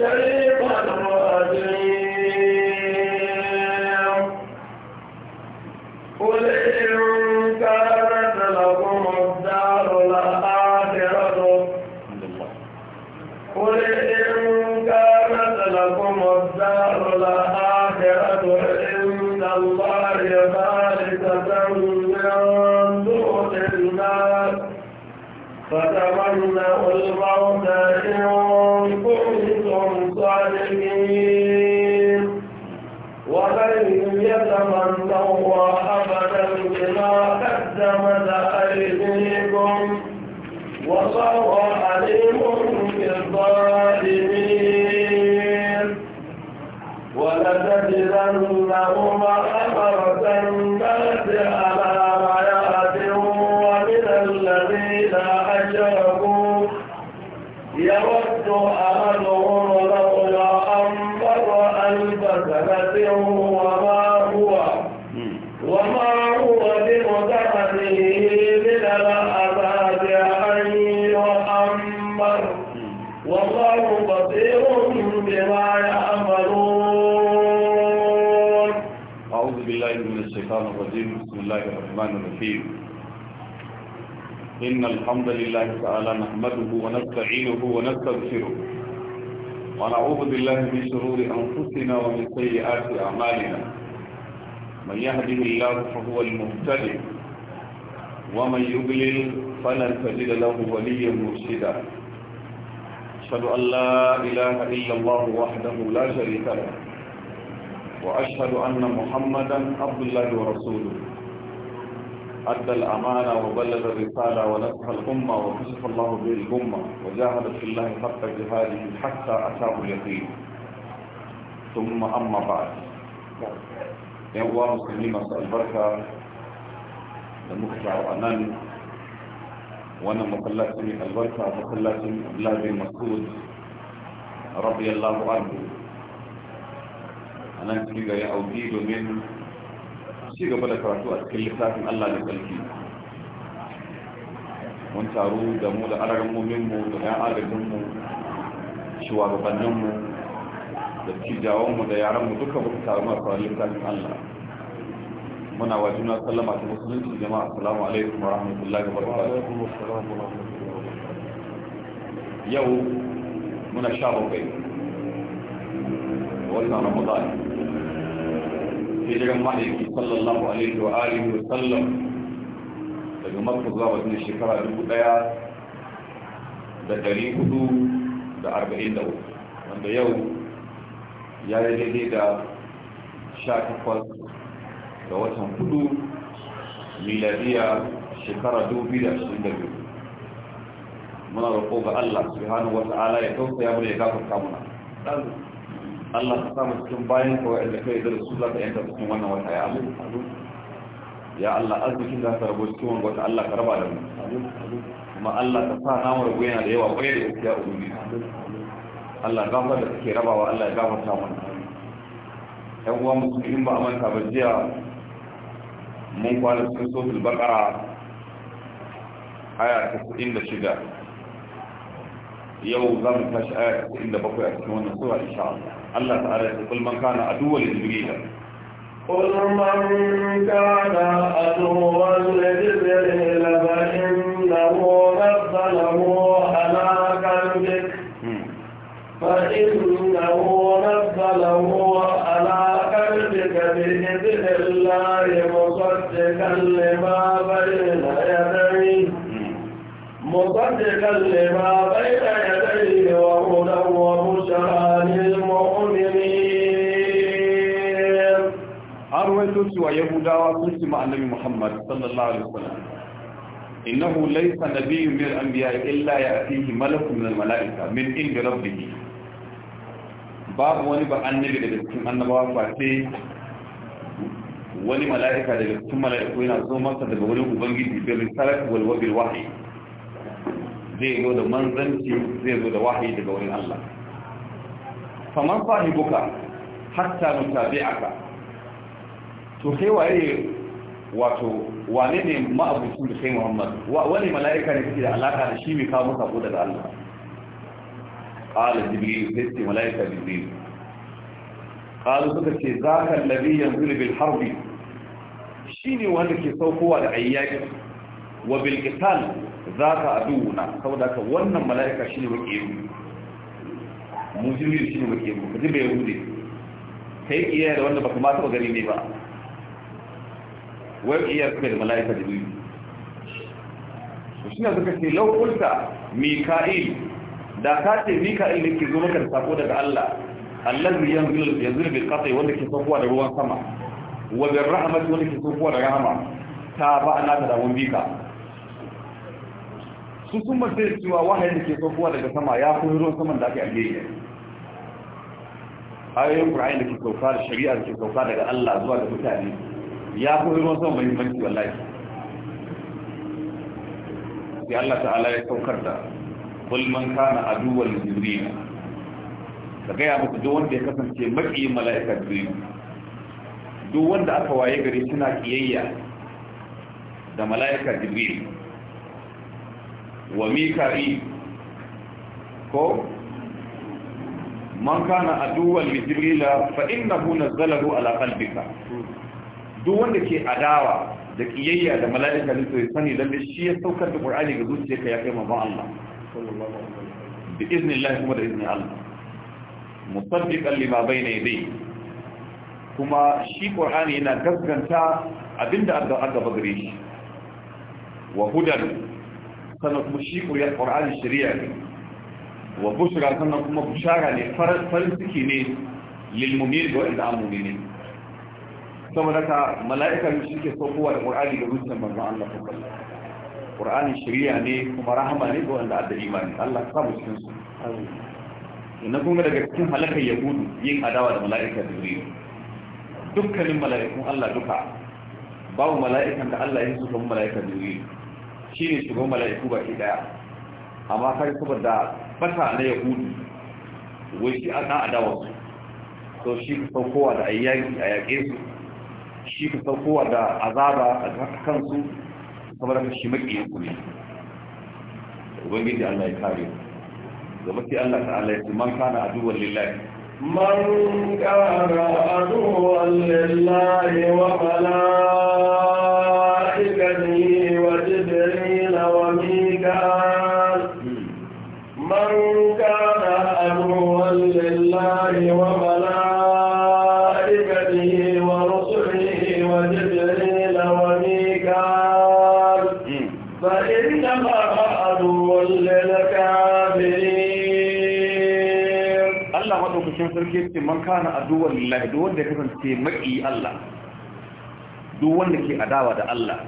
السعير الحمد لله تعالى نحمده ونستعينه ونستغفره ونعوذ بالله من شرور أنفسنا ومن سيئات أعمالنا من يهده الله فهو المهتد ومن يضلل فلن تجد له وليا مرشدا أشهد أن لا إله إلا الله وحده لا شريك له وأشهد أن محمدا عبد الله ورسوله أدى الأمانة وبلغ الرسالة ونصح الأمة وكشف الله به الأمة وجاهد في الله حق جهاده حتى أتاه اليقين ثم أما بعد يا الله مسلمين أسأل البركة لمخشع وأنان وأنا مقلاتي البركة مقلاتي أولاد مسعود رضي الله عنه أنا أنت يا أودي من ci gaba da karatu a cikin littafin Allah da sarki mun taru da mu da alarmomin mu da ɗan adadin mu shugabannin mu da cijawan mu da yaran mu duka muka taru masu a littafin Allah muna wa juna sallama ta musulunci jama'a assalamu alaikum wa rahmatullahi wa barakatuh yau muna sha bakwai wata ramadan hijiran mahaifi sallallahu alaihi wa alihi wa sallam daga makon zuwa wajen shekara dubu daya da dari hudu da arba'in da wanda yau ya yi daidai da sha takwas ga watan hudu miladiya shekara dubu biyu da ashirin da biyu muna roƙo ga allah subhanahu wa ta'ala ya tausaya mana ya gafarta muna Allah ka samu cikin bayan kawai wa'anda kai da su za ka yanka cikin wannan wata ya amin ya Allah arzikin za ka rabo cikin wani wata Allah ka raba da mu kuma Allah ka sa namu rabo yana da yawa kwaye da gaskiya ubangi Allah gafar da suke rabawa Allah ya ta mana yan uwa musulmi ba a manta ba jiya mun kwana cikin sotul bakara aya 96 yau za mu tashi aya da bakwai a cikin wannan sura insha Allah الله تعالى يقول من كان عدوا لجبريل قل من كان عدوا لجبريل فإنه نزله على قلبك فإنه نزله على قلبك بإذن الله مصدقا لما بين يديه مصدقا لما بين يديه cewa yahudawa sun ci annabi muhammad sallallahu alaihi wasallam innahu laysa nabiyyun min al-anbiya illa ya'tihi malakun min al-mala'ika min inda rabbihi babu wani ba annabi daga cikin annabawa ba sai wani mala'ika daga cikin mala'iku yana zo masa daga wani ubangiji bin risalati wal wabil wahyi zai zo da manzanci zai zo da wahayi daga wurin Allah faman sahibuka hatta mutabi'aka to sai waye wato wane ne ma'abucin da sai muhammad wani mala'ika ne kake da alaka da shi mai kawo ko daga allah qala jibril sai ce mala'ika jibril qalu suka ce zaka yanzu yanzilu bil harbi ne wanda ke saukowa da ayyaki wa bil ka abin wuna. saboda ka wannan mala'ika shi ne wake mu shi ne wake mu kaje bai rude kai iya da wanda baka ma taba gani ne ba wai iya suka da mala'ika da biyu shi na suka ce laukulta mika'il da ka ce mika'il da ke zo maka da sako daga allah allazi yanzu bil qati wanda ke saukowa da ruwan sama wajen bil rahmat wanda ke saukowa da rahama ta ba ana ta dawon bika su sun mace cewa wahayin da ke saukowa daga sama ya fi ruwan saman da ake algeria ayoyin ƙura'ayin da ke sauka da shari'a da ke sauka daga allah zuwa da mutane ya fi ruwan sama muhimmanci wallahi sai Allah ta'ala ya saukar da kul man kana aduwal jibril ka gaya muku duk wanda ya kasance maki mala'ika jibril duk wanda aka waye gari suna kiyayya da mala'ika jibril wa mikari ko man kana aduwal jibril fa innahu nazzalahu ala qalbika duk wanda ke adawa da kiyayya da mala'ika ne to ya sani lalle shi ya saukar da qur'ani ga zuciyarka ya kai manzon Allah sallallahu alaihi wasallam kuma da iznin Allah musaddiqan lima bayna yadayhi kuma shi qur'ani yana gaskanta abinda aka aka bagare shi wa hudan sannan kuma shi qur'ani shari'a ne wa bushra sannan kuma bushara ne farin ciki ne lil mu'min wa al ne. saboda ka mala'ika ne shi ke saukowa da ƙur'ani da zuciyar manzon Allah sallallahu alaihi ƙur'ani shari'a ne kuma rahama ne ga wanda adda imani Allah ka mu cikin su na kuma daga cikin halakar yahudu yin adawa da mala'ika jibril dukkanin mala'ikun Allah duka babu mala'ikan da Allah ya suka mala'ika jibril shine shugaban mala'iku baki daya amma kai saboda fata na yahudu wai shi aka adawa su to shi ka saukowa da ayyaki a yaƙe su shi ka saukowa da azaba a kansu saboda ka shi maƙiyin ku ne ubangiji Allah ya kare gaba sai Allah ta'ala ya man kana aduwwan lillahi man kana aduwwan lillahi wa ce man kana addu'a lillahi duk wanda ya kasance maki Allah duk wanda ke adawa da Allah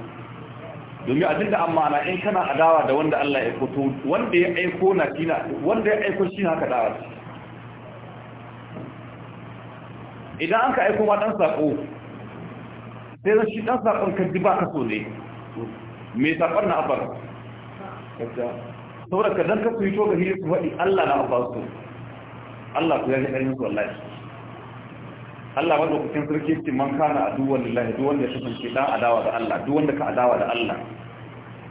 domin a dinda amma ana in kana adawa da wanda Allah ya aiko to wanda ya aiko na kina wanda ya aiko shi haka wasu idan an ka aiko ma dan sako sai zan shi dan sakon ka diba ka so ne me sakon na abar saboda ka dan ka su yi to ga hili su faɗi Allah na abar su Allah ku yaji ƙarfin su wallahi Allah wanda ku cikin sarki ce man kana aduwwan lillahi duk wanda ya kasance dan adawa da Allah duk wanda ka adawa da Allah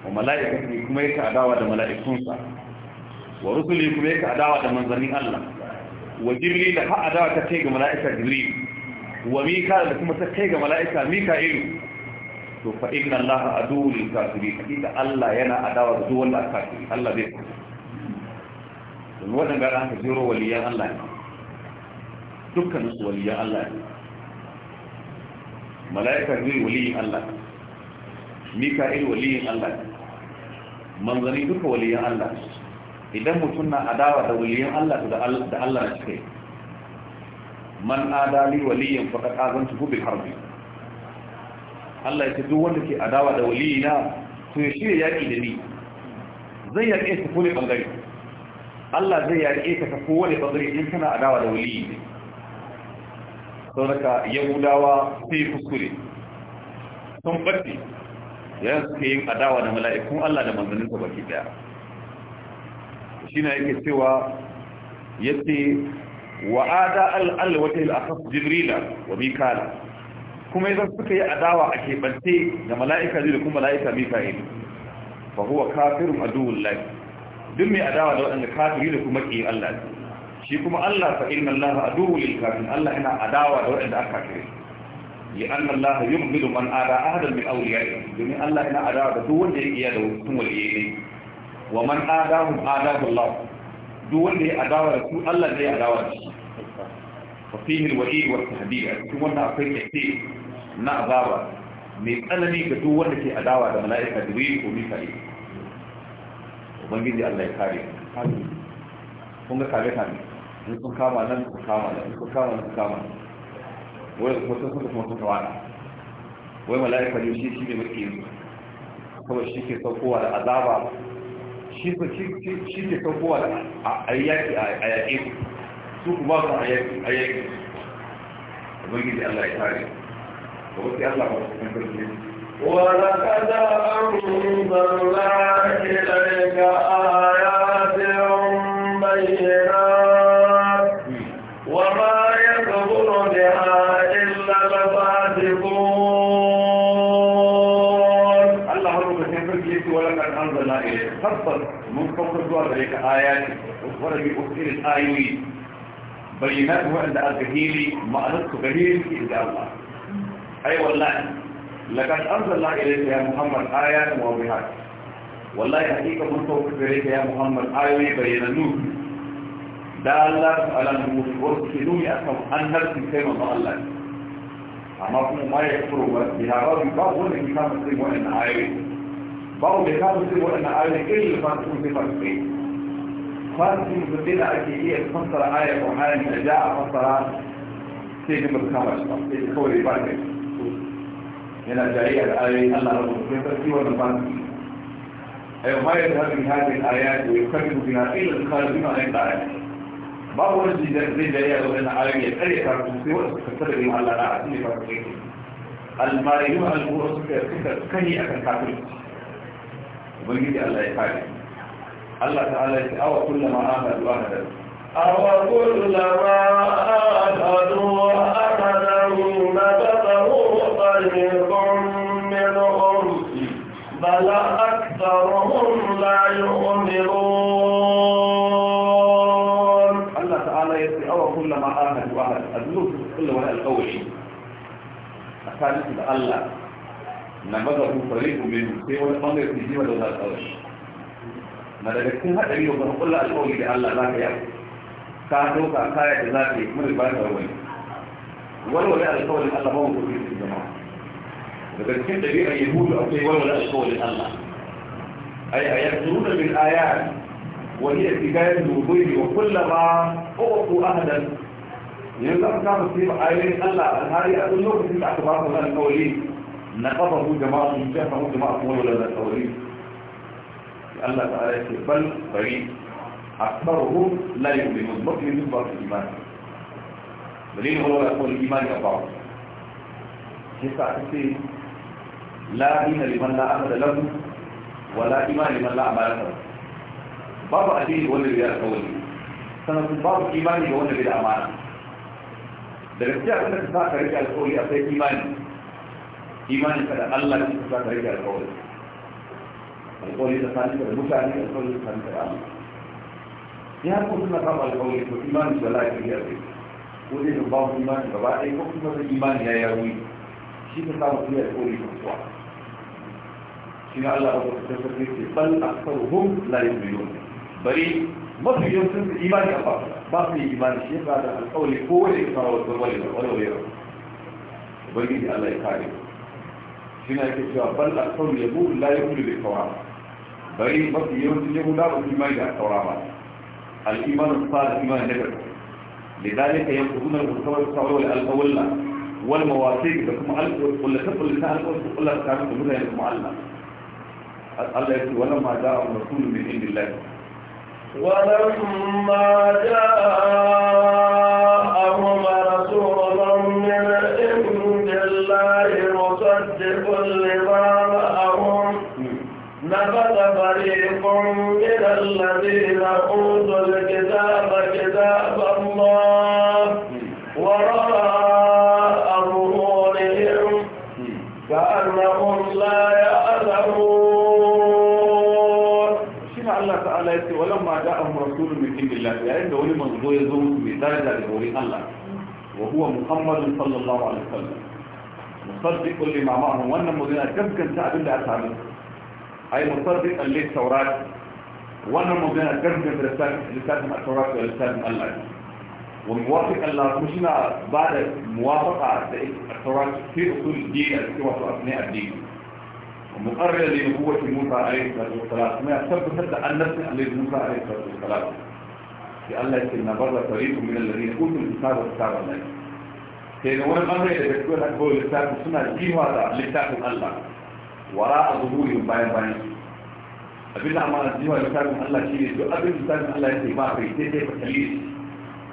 wa mala'ikatu kuma yake adawa da mala'ikunsa wa rusuli kuma yake adawa da manzannin Allah wa jibril da har adawa ta kai ga mala'ika jibril wa mika da kuma ta kai ga mala'ika mika'ilu to fa inna allaha aduwwul kafirin hakika Allah yana adawa da duk wanda kafiri Allah zai waɗanda da aka jero waliyan Allah ne Dukkan su waliyan Allah ne mala'ika zai waliyan Allah mika'il waliyan Allah ne manzanni duka waliyan Allah idan mutum na adawa da waliyan Allah da Allah na cikai man adali waliyan faqad azantuhu bil harbi Allah ya ce duk wanda ke adawa da waliyina to ya shirya yaƙi da ni zai yaƙe su kone bangare Allah zai yaƙe ka ta kowane ɓangare in kana adawa da waliyi ne sau daga yahudawa sai kuskure sun ɓarfi yayin suke yin adawa da mala'ikun Allah da manzanninsa baki ɗaya shi na yake cewa yadda yace wa ada al'alwata al'asas jibrila wa mikala kuma idan suka yi adawa a keɓance da mala'ika zai da kuma mala'ika mika'il fa a duhun aduwullahi duk mai adawa da waɗanda kafiri da kuma ƙi Allah ne shi kuma Allah fa inna Allah aduwwu lil kafirin Allah yana adawa da waɗanda aka anna Allah yubghidu man min awliya'i domin Allah yana adawa da duk wanda da waliyai wa man adahu Allah duk wanda ya adawa da Allah zai adawa da shi fa fihi wa akwai kace na azaba mai tsanani ga duk wanda ke adawa da mala'ika Jibril ko Mika'il ubangiji Allah ya kare kun ga kare kare in sun kama nan su kama nan in sun kama nan su kama nan wai kuma sun suka kuma suka wani wai mala'ika ne shi shi ne muke yi kuma shi ke saukowa da azaba shi ke saukowa da ayyaki a yaƙi su kuma su a yaƙi ubangiji Allah ya kare ba wasu Allah ba su kankan karfi ولقد أنزلنا إليك آيات بينات وما يكفر بها إلا الفاسقون الله رب العالمين ولقد أنزلنا إليك خطر من فضل ذلك آيات ورد بأسئلة الآيوين بينات وعند الجهيل معنى الصغير إلا الله أي والله لقد الله إليك يا محمد آيات موضحات والله حقيقة من توقف إليك يا محمد آيوي بين النور دا الله على النور وارسلوني أفهم أن نرسل سيما مع الله أما كنا ما يكفروا بها رابي بعض ولا كتاب مسلم وإن آيوي بعض كتاب مسلم وإن آيوي إلا فانتون بفرقين فانتون بفرقين أكيدية فانتر آية وحالي أجاء فانتر سيدي مبكامة سيدي خوري بارك yana jariya da ayoyin Allah da kuma sarki wannan fanki ay ma ya tabi hadin ayat wa yukarribu biha ila al-khalidina ay ta'ala ba wani da zai jariya da wannan ayoyin ya kare ka su sai wasu kasar da Allah da asiri ba su yake al-mariyu al-buwa suka suka kani akan kafir ubangiji Allah ya kare Allah ta'ala ya ce awa kullama ahadu ahadu awa kullama ahadu أكثرهم لا يؤمنون الله تعالى يسري أو كل ما آمن وعلى الذنوب كل ولا القوي أثالث الله نمذه فريق منهم في ولا قمر في جيمة ولا القوي ما لدكتها قل وبنه كل القوي لله لا يعلم كاتوكا كاية ذاتي من الباشا وين ولو لا القول الله هو في الجماعة فتنسيب تبيع اليهود وقال ولا لا أشكوه لله أي يكثرون بالآيات وهي اتكاد الوضيب وكلما أغطوا أهدا ينظر يعني كما تصيب آيات ألا هذه أدلوك في الاعتبار من الأولين نقضه جماعة مجهة مجمع أقول ولا لا أولين لأن تعالى يتبل فريد أكبرهم لا يؤمنون مطلئ من بعض الإيمان بلين هو لا يقول الإيمان أبعض حيث la dina liman la amada lahu wa la iman liman la amala lahu babu addini wanda bai da kawai sannan kuma babu imani ga wanda bai da amana da gaskiya da ka sa ka rike alkawari akwai imani imani ka da Allah ne ka sa ka rike alkawari alkawari ta sani da mutane alkawari ta sani da Allah ya ko suna kama alkawari ko imani da lafiya ne ko dai babu imani gaba ɗaya ko kuma imani ya yi shi ka samu fiye da kori kasuwa shi ne Allah abu da sarki ce bal aksaruhum la yu'minun bari mafi yawancin su imani a ba ba su yi imani shi yasa da alƙawari ko wani ya kawo da wani wani wani ubangiji Allah ya kare shi ne yake cewa bal aksaru yahudu la yu'minu bi tawra bari mafi yawancin yahuda ba su imani da tawra ba al-imanu salih imani nabi lidalika yanquduna al-mustawى al-sawr wal-awla ولا مواثيق ده كما قال كل خطه يا معلم قال لي ولا جاء رسول من عند الله ولا جاء مصدق لما امر نبذ فريق من الذين اوتوا الكتاب كتاب الله بإذن الله يعني ده ولي مجدو يزوم مزاجة لولي الله وهو محمد صلى الله عليه وسلم مصدق كل ما معه وانا مدينة كم كان تعب اللي أتعب أي مصدق اللي التوراك وانا مدينة كم كان رسالة لسالة التوراك ورسالة الله وموافق أن لا مشينا بعد موافقة التوراك في أصول الدين التي وصل أثناء الدين ومقرر لنبوة موسى عليه الصلاة والسلام ثم يحسب حتى أن نفسه عليه موسى عليه الصلاة والسلام في الله يمكن نبرة طريق من الذين أوتوا الكتاب وكتاب الله sai da wani ɓangare da gaskiyar da kawai littafin suna jiwa da littafin Allah wara a zuhuri bayan bayan abin da amma jiwa littafin Allah shi ne duk abin littafin Allah ya ba kai sai sai fatali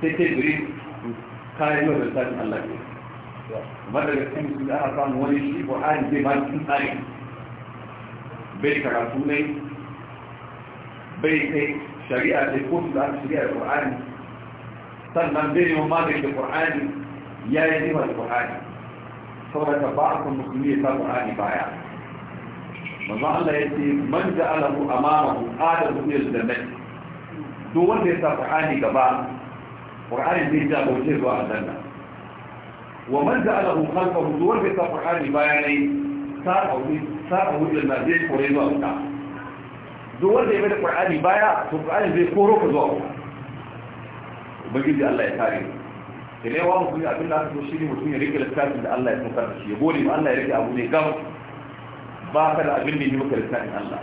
sai sai gari kayan yau da littafin Allah ke daga cikin su da aka samu wani shi Qur'ani zai ba cikin tsari bai karatu ne bai kai الشريعة شريعة الكون بقى شريعة القرآني صلنا مبيني في القرآني يا يديه القرآني صورة بعض المسلمية القرآني بايع والله الله يدي من جعله أمامه آدم من الزمن دول ليس القرآني كبار القرآني دي جاء موجيز واحد ومن جعله خلفه دول ليس القرآني بايعني صار أولي صار أولي المهديد قرينه duk wanda ya bai da ƙwar'ani baya to ƙwar'ani zai koro ka zuwa ku. ubangiji Allah ya kare da ne wa mutum abin da aka so shine mutum ya rike littafin da Allah ya saukar da shi ya gode ma Allah ya rike abu ne gam ba ka da abin da ya maka littafin Allah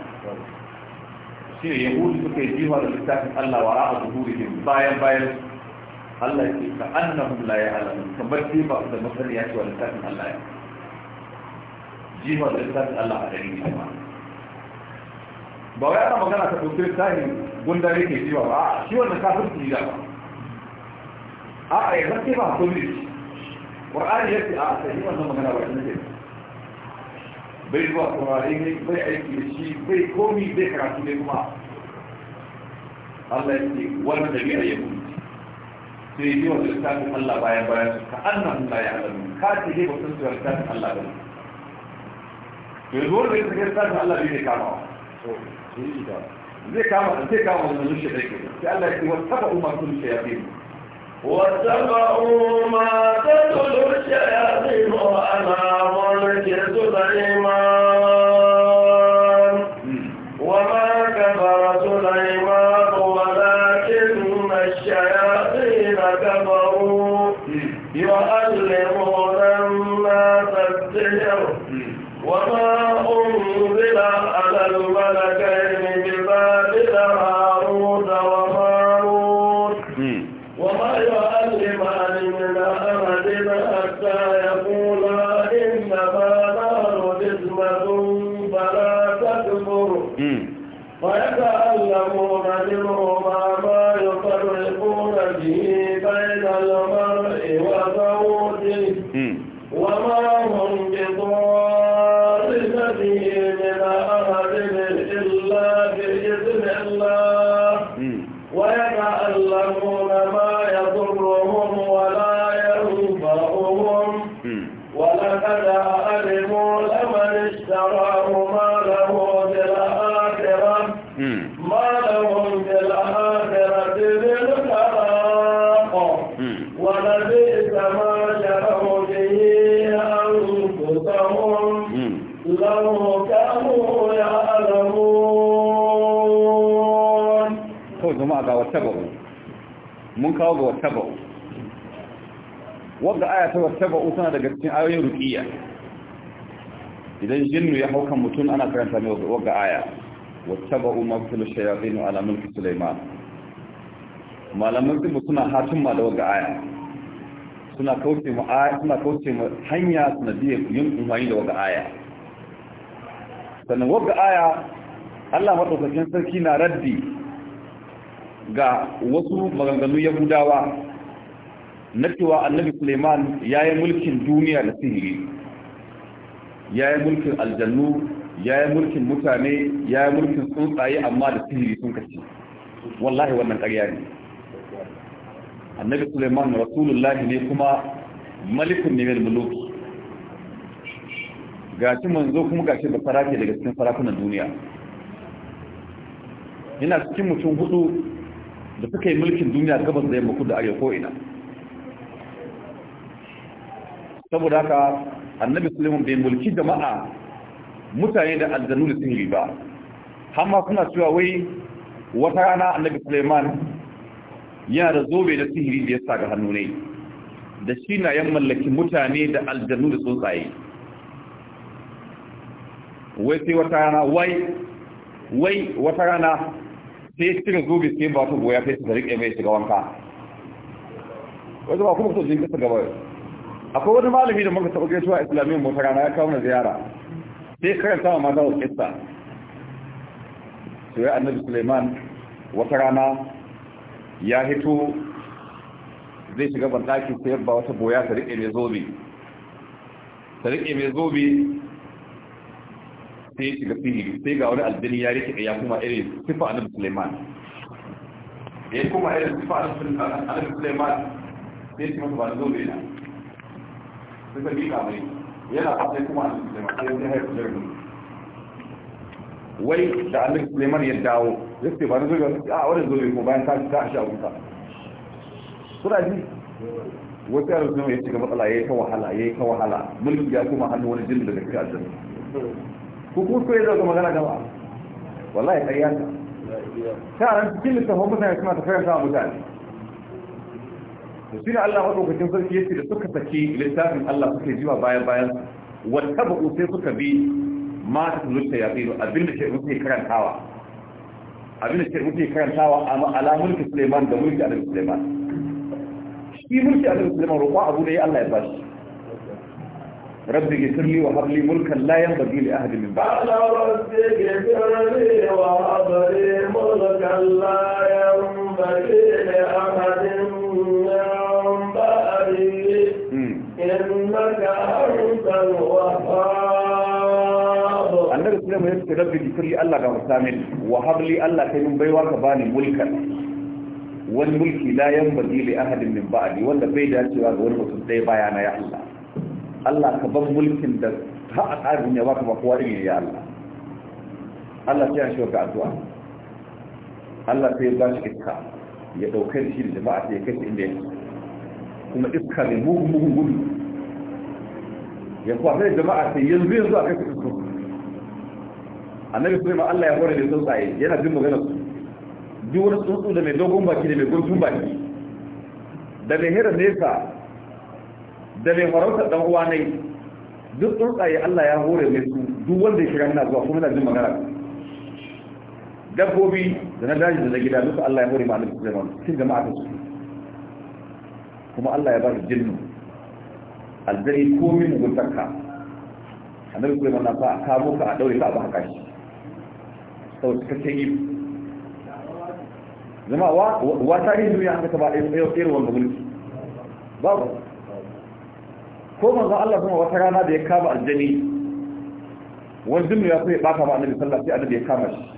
shine yahudu suka yi jiwa da littafin Allah wa ra'a zuhurihim bayan bayan Allah ya ce ka annahum la ya'lamun kamar dai ba da masaniya wa littafin Allah ya jiwa da littafin Allah a dalilin ba ba wai ana magana ta ɗauki tahi gunda yake jiwa ba a shi wannan yi da ba a ya zance ba hakuri shi ƙwar'ani ya ce a sai wannan magana ba shi ne bai zuwa turare ne bai aiki da shi bai komi bai karatu ne kuma Allah ya ce wannan da biyar ya sai yi wa littafin Allah bayan bayan su ka annan la ya alamu ka ce ne ba sun su littafin Allah ba ne. Yanzu wanda ya sake littafin Allah bai ne kama zai kama zai kama wannan lushe da ke sai Allah ya ce wasaba umma kullu shayatin واتبعوا ما تتلو الشياطين على ملك سليمان mun kawo ga wata ba'u wadda aya ta wata ba'u tana daga cikin ayoyin rukiya idan jinnu ya hauka mutum ana karanta ne wadda aya wata ba'u mafilu shayafinu ala mulki suleiman malaman zubu suna ma da wadda aya suna kauce mu suna kauce mu hanya suna biye yin umarni da wadda aya sannan wadda aya Allah madaukakin sarki na raddi ga wasu maganganu yahudawa na cewa annabi suleiman ya yi mulkin duniya da sihiri ya yi mulkin aljannu ya yi mulkin mutane ya yi mulkin tsuntsaye amma da sihiri sun kashe. wallahi wannan karya ne annabi suleiman rasulullahi ne kuma malikun ne mai muluki gashi manzo kuma gashi da farafi daga cikin farakunan duniya Ina cikin mutum hudu da suka yi mulkin duniya gabas da yamma kudu arewa ko ina saboda haka annabi suleiman bai mulki jama'a mutane da aljanu da sihiri ba hamma suna cewa wai wata rana annabi suleiman yana da zobe da sihiri da ya sa ga hannu ne da shi na yan mallaki mutane da aljanu da tsuntsaye wai sai wata rana wai wai wata rana sai cika zobe sai ba su goya sai su rike mai shiga wanka wajen ba kuma sojin kasa gaba akwai wani malami da muka taɓa gaisuwa islamiyyar mota rana ya kawo na ziyara sai karanta wa mata wasu kista su yi annabi suleiman wata rana ya hito zai shiga bandaki sai ba wata boya ta rike mai zobe ta mai zobe sai shiga sihiri sai ga wani aljini ya rike ya kuma irin sifa annabi Suleiman, ya kuma irin sifa annabi Suleiman sai shi masa ba zo ne na sai ka bika mai yana sai kuma annabi Sulaiman sai ya haifa jirgin wai da annabi Suleiman ya dawo ya ce ba na zo ga a wani zo ne bayan ta ta shi abunta Suna ji wata yaro ne ya shiga matsala ya yi ta wahala ya yi ta wahala mulki ya kuma hannu wani jin daga cikin aljanna ko kuma ko ya zo magana gaba wallahi ƙarya ta taron cikin littafin mutane suna ta karanta a mutane da shi ne Allah maɗaukacin sarki ya ce da suka saki littafin Allah suka jiwa bayan bayan wata baku sai suka bi mata su zuciya ya tsiro abinda shi muke karantawa abinda shi muke karantawa a ma'ala mulki Suleiman da mulki Adam Suleiman shi mulki Adam Suleiman roƙon abu ne Allah ya bashi رب اغفر لي وهب لي ملكا لا ينبغي لاحد من بعدي رب اغفر لي وهب لي ملكا لا ينبغي لاحد من بعدي انك انت الوهاب النبي صلى الله عليه وسلم رب اغفر لي الله غفرت وهب لي الله كي بيوارك باني ملكا والملك لا ينبغي لاحد من بعدي ولا min ba'di wanda bai dacewa يا الله Allah ka ban mulkin da ha a tsarin ya baka ba kowa irin ya Allah Allah sai ya shi ga addu'a Allah sai ya ba shi iska ya daukar shi da jama'a sai ya kai inda ya kuma iska ne mugun mugun gudu ya kwafe da jama'a sai yanzu yanzu a kai su annabi sulaiman Allah ya hore da tsuntsaye yana jin magana su duk wani tsuntsu da mai dogon baki da mai gurbin baki da mai hera nesa da mai farauta dan uwa ne duk tsuntsaye Allah ya hore mai su duk wanda ya shiga ina zuwa kuma ina jin magana dabbobi da na daji da na gida duka Allah ya hore ma Annabi Sulaiman cikin jama'a ta su kuma Allah ya ba su jinnu aljari komi muguntarka Annabi Sulaiman na sa a kamo ka a daure ka a haka shi sau cikakken yi zama wa tarihi duniya an ka taba irin wanda mulki babu ko manzo Allah kuma wata rana da ya kama aljani wani mu ya so ya baka ba annabi sallallahu alaihi wasallam ya kama shi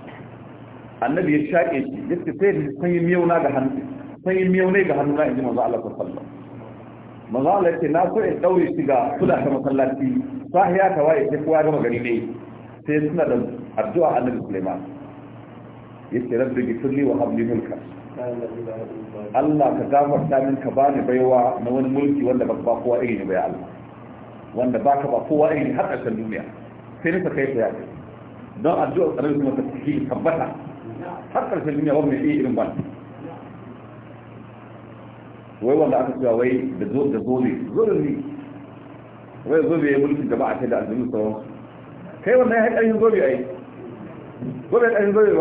annabi ya shaƙe shi yace sai da sanyi miyau na ga hannu sanyi miyau ne ga hannu na inji manzo Allah sallallahu alaihi wasallam manzo Allah ya na so in daure shi ga kula ta masallaci sahiya ta waye sai kuwa gama magani ne sai suna da addu'a annabi Sulaiman yace rabbi gifirli wa habli mulka Allah ka gafarta min ka bani baiwa na wani mulki wanda ba ba kowa irin bai Allah wanda baka ba kowa irin har ƙarshen duniya sai nika kai ya kai don addu'a tsarin kuma ta cikin tabbata har ƙarshen duniya ba mai iya irin ba wai wanda aka cewa wai da zo da zo ne zo da ni wai zo bai mulki da ba a kai da aljanu sauran kai wannan ya haƙarin zo bai ai zo bai ƙarin zo bai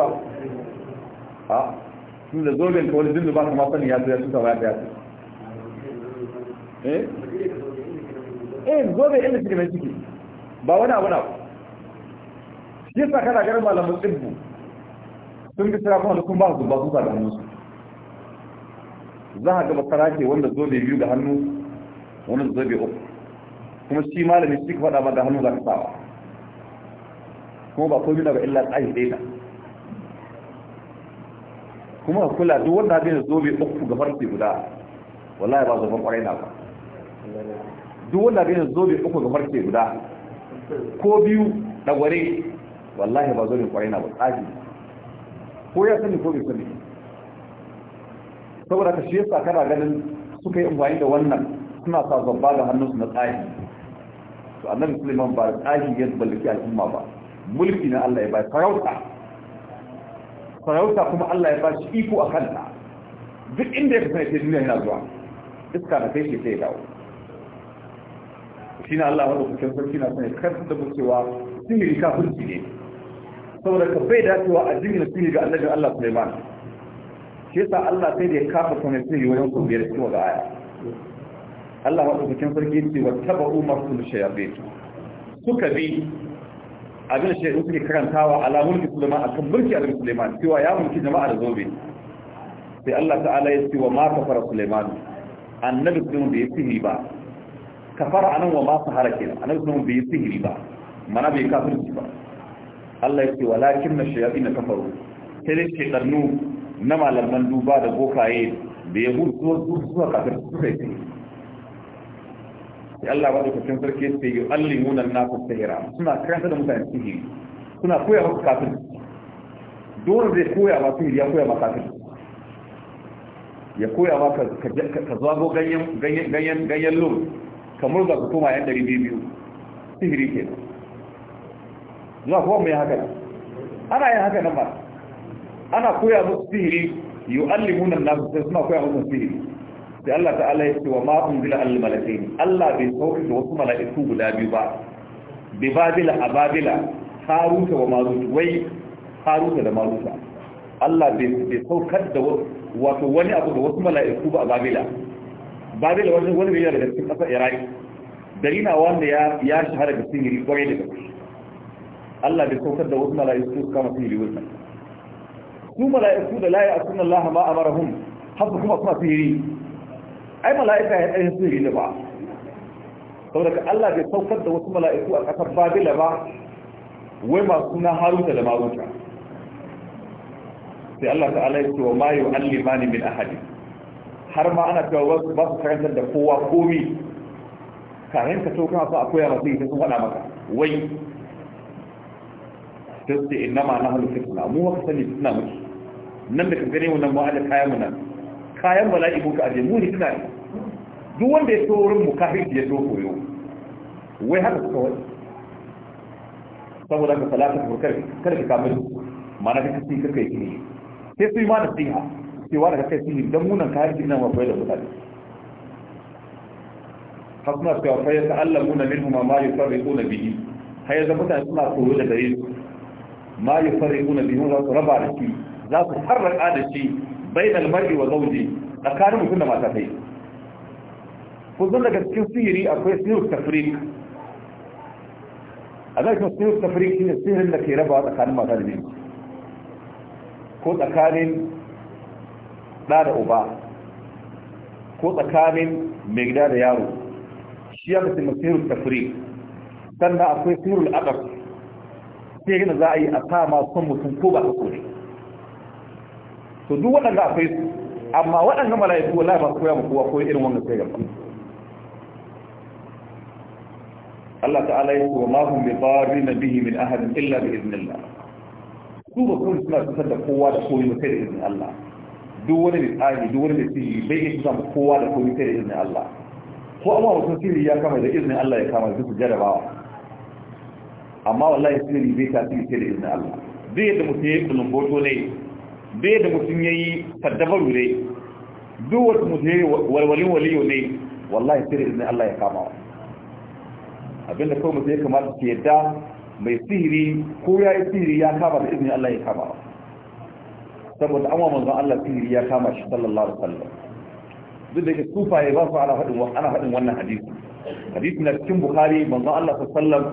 ba tun da zoben ka wani dindin ba kuma sani ya zo ya tuta ba ya eh eh zoben inda suke mai ciki ba wani abu na shi sa kana ganin malamin tsibbu sun bi sarakuna da kun ba su ba sun sa da hannunsu za a gaba ke wanda zobe biyu da hannu wani zobe uku kuma shi malami shi ka faɗa ma da hannu za ka sawa kuma ba komi na ba illa tsayi ɗaya kuma kula duk wanda zai zo zobe uku ga farce guda wallahi ba zaban kwarai na ba duk wanda zai zo zobe uku ga farce guda ko biyu da gware wallahi ba zobe kwarai na ba tsaji ko ya sani ko bai sani saboda ka shi yasa kana ganin suka yi amfani da wannan suna sa zabba da hannunsu na tsahi to annabi Suleiman ba tsahi ya ballaki al'umma ba mulki na Allah ya ba farauta farauta kuma Allah ya ba shi iko a kanta duk inda ya kasance duniya yana zuwa iska da kai shi sai dawo shi na Allah wanda kusan sarki na sanya karfi da cewa sihiri kafirci ne saboda ka bai dacewa a jingina sihiri ga annabin Allah Sulaiman shi yasa Allah sai da ya kafa kuma sihiri wajen sau biyar cikin wata aya Allah wanda kusan sarki ce wa taba'u masu shayabe suka bi abin shi in suke karantawa ala mulki Sulaiman akan mulki Annabi Suleiman cewa ya mulki jama'a da zobe sai Allah ta'ala ya ce wa ma kafara Sulaiman annabi Sulaiman bai sihiri ba Ka kafara anan wa ma sahara kenan annabi Sulaiman bai sihiri ba mana bai kafirci ba Allah ya ce walakin na shayatin na kafaru sai dai shekarnu na malaman duba da bokaye da ya gudu zuwa kafir suka yi da Allah ba da kusin sarki sai yi allimuna nasu sihira suna karanta da mutane sihiri suna koya wasu kafin dole zai koya ma sihiri ya koya ma kafin ya koya ma ka zago ganyen lum kamar za ku koma yan dari biyu sihiri ke zuwa kowa mai haka ana yin haka nan ba ana koya musu sihiri yi allimuna nasu suna koya musu sihiri sai Allah ta'ala ya ce wa ma unzila al malakaini Allah bai saukar da wasu mala'iku guda biyu ba bi babila ababila haruta wa maruta wai haruta da maruta Allah bai saukar da wato wani abu da wasu mala'iku ba a babila babila wani wani bai daga cikin ƙasar iraki dalina wanda ya ya shahara da sihiri kwarai da gaske Allah bai saukar da wasu mala'iku su kama sihiri wannan su mala'iku da la ya'sunna Allah ma amarahum hasu kuma kuma sihiri ai mala'ika ya tsaye su yi ba sau daga Allah bai saukar da wasu mala'iku a ƙasar Babila ba wai masu na Haruta da Maruta sai Allah ta'ala ya ce wa an limani min ahadi har ma ana cewa wasu ba su karantar da kowa komi kayan ka so kana so a koya masu ita sun faɗa maka wai sai su ce inna ma na halu fitna mu haka sani suna muke nan da ka gani mu nan mu haɗa kaya mu nan kayan mala'iku ka ajiye muni suna ne duk wanda ya so wurin mu kafin ya zo koyo wai haka suka wani saboda ka salata burkar kar ka kamar mana ka kasi kar kai kini sai su yi ma da sai wa daga kai yi. dan munan kayan jinan wa bai da mutane hasna suka fayar ta'allamuna minhum ma yufarriquna bihi hayar da mutane suna koyo da gare su ma yufarriquna bihi za su raba da shi za su harraka da shi bainal mar'i wa a tsakanin mutum da mata kai ku zan daga cikin sihiri akwai sihir tafrik a zai kan sihir shi ne sihirin da ke raba tsakanin mata da miji ko tsakanin ɗa da uba ko tsakanin mai gida da yaro shi ya kasi masirul tafri sannan akwai sirul adab sai yana za a yi a sama son mutum ko ba ka kore to duk waɗanda akwai su amma waɗanda mala'iku wala ba su koya kowa ko irin wannan sai gaba Allah ta'ala ya ce ma hum bi na bihi min ahadin illa bi idnillah su ba kun suna tsar da kowa da kowa sai da izini Allah duk wani tsari duk wani misali bai yi zama kowa da kowa sai da izini Allah ko amma mutum sirri ya kama da izini Allah ya kama da su jarabawa amma wallahi sirri bai tasiri sai da izini Allah Zai yadda mutum ya yi kulumboto ne bai da mutum ya yi saddabaru dai duk wata mutum ya yi walwalin waliyo ne wallahi sai da izinin Allah ya kama wa abinda kawai mutum ya kamata ke yadda mai sihiri ko ya yi sihiri ya kama da izinin Allah ya kama wa saboda an wa manzon Allah sihiri ya kama shi sallallahu alaihi wasallam duk da ke sufaye ba su ana faɗin ana faɗin wannan hadisi hadisi na cikin bukari manzon Allah sallallahu alaihi wasallam